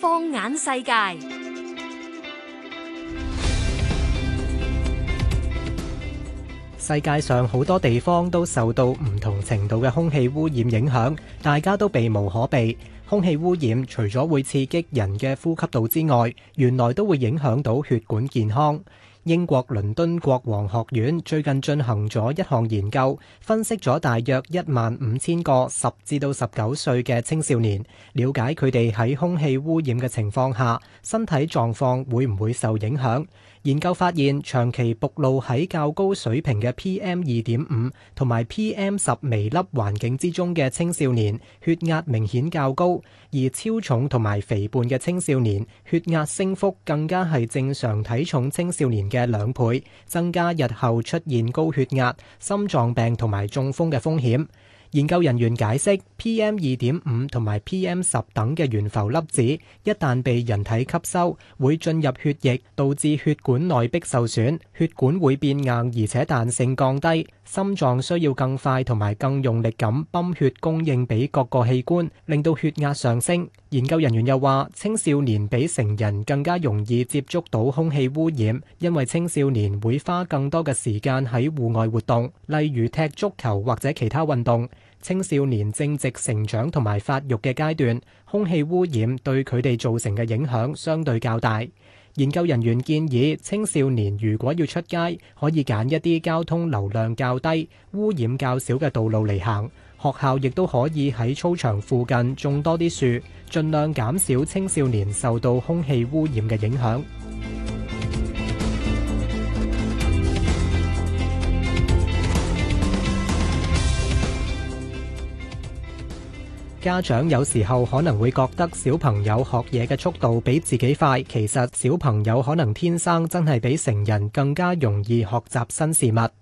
放眼世界，世界上好多地方都受到唔同程度嘅空氣污染影響，大家都避無可避。空氣污染除咗會刺激人嘅呼吸道之外，原來都會影響到血管健康。英國倫敦國王學院最近進行咗一項研究，分析咗大約一萬五千個十至到十九歲嘅青少年，了解佢哋喺空氣污染嘅情況下，身體狀況會唔會受影響。研究發現，長期暴露喺較高水平嘅 PM 二點五同埋 PM 十微粒環境之中嘅青少年，血壓明顯較高；而超重同埋肥胖嘅青少年，血壓升幅更加係正常體重青少年嘅兩倍，增加日後出現高血壓、心臟病同埋中風嘅風險。研究人員解釋，PM 二點五同埋 PM 十等嘅懸浮粒子，一旦被人體吸收，會進入血液，導致血管內壁受損，血管會變硬而且彈性降低，心臟需要更快同埋更用力咁泵血供應俾各個器官，令到血壓上升。研究人員又話，青少年比成人更加容易接觸到空氣污染，因為青少年會花更多嘅時間喺戶外活動，例如踢足球或者其他運動。青少年正值成長同埋發育嘅階段，空氣污染對佢哋造成嘅影響相對較大。研究人員建議，青少年如果要出街，可以揀一啲交通流量較低、污染較少嘅道路嚟行。學校亦都可以喺操場附近種多啲樹，盡量減少青少年受到空氣污染嘅影響。家長有時候可能會覺得小朋友學嘢嘅速度比自己快，其實小朋友可能天生真係比成人更加容易學習新事物。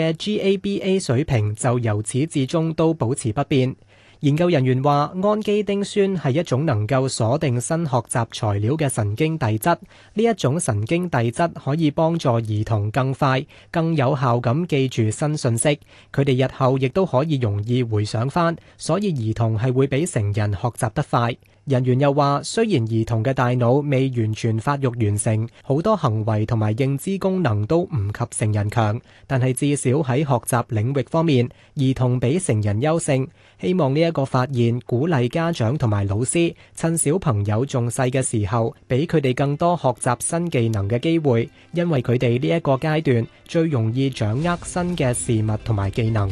嘅 GABA 水平就由始至終都保持不變。研究人員話：氨基丁酸係一種能夠鎖定新學習材料嘅神經遞質。呢一種神經遞質可以幫助兒童更快、更有效咁記住新信息。佢哋日後亦都可以容易回想返。所以兒童係會比成人學習得快。人員又話：雖然兒童嘅大腦未完全發育完成，好多行為同埋認知功能都唔及成人強，但係至少喺學習領域方面，兒童比成人優勝。希望呢一一個發現鼓勵家長同埋老師，趁小朋友仲細嘅時候，俾佢哋更多學習新技能嘅機會，因為佢哋呢一個階段最容易掌握新嘅事物同埋技能。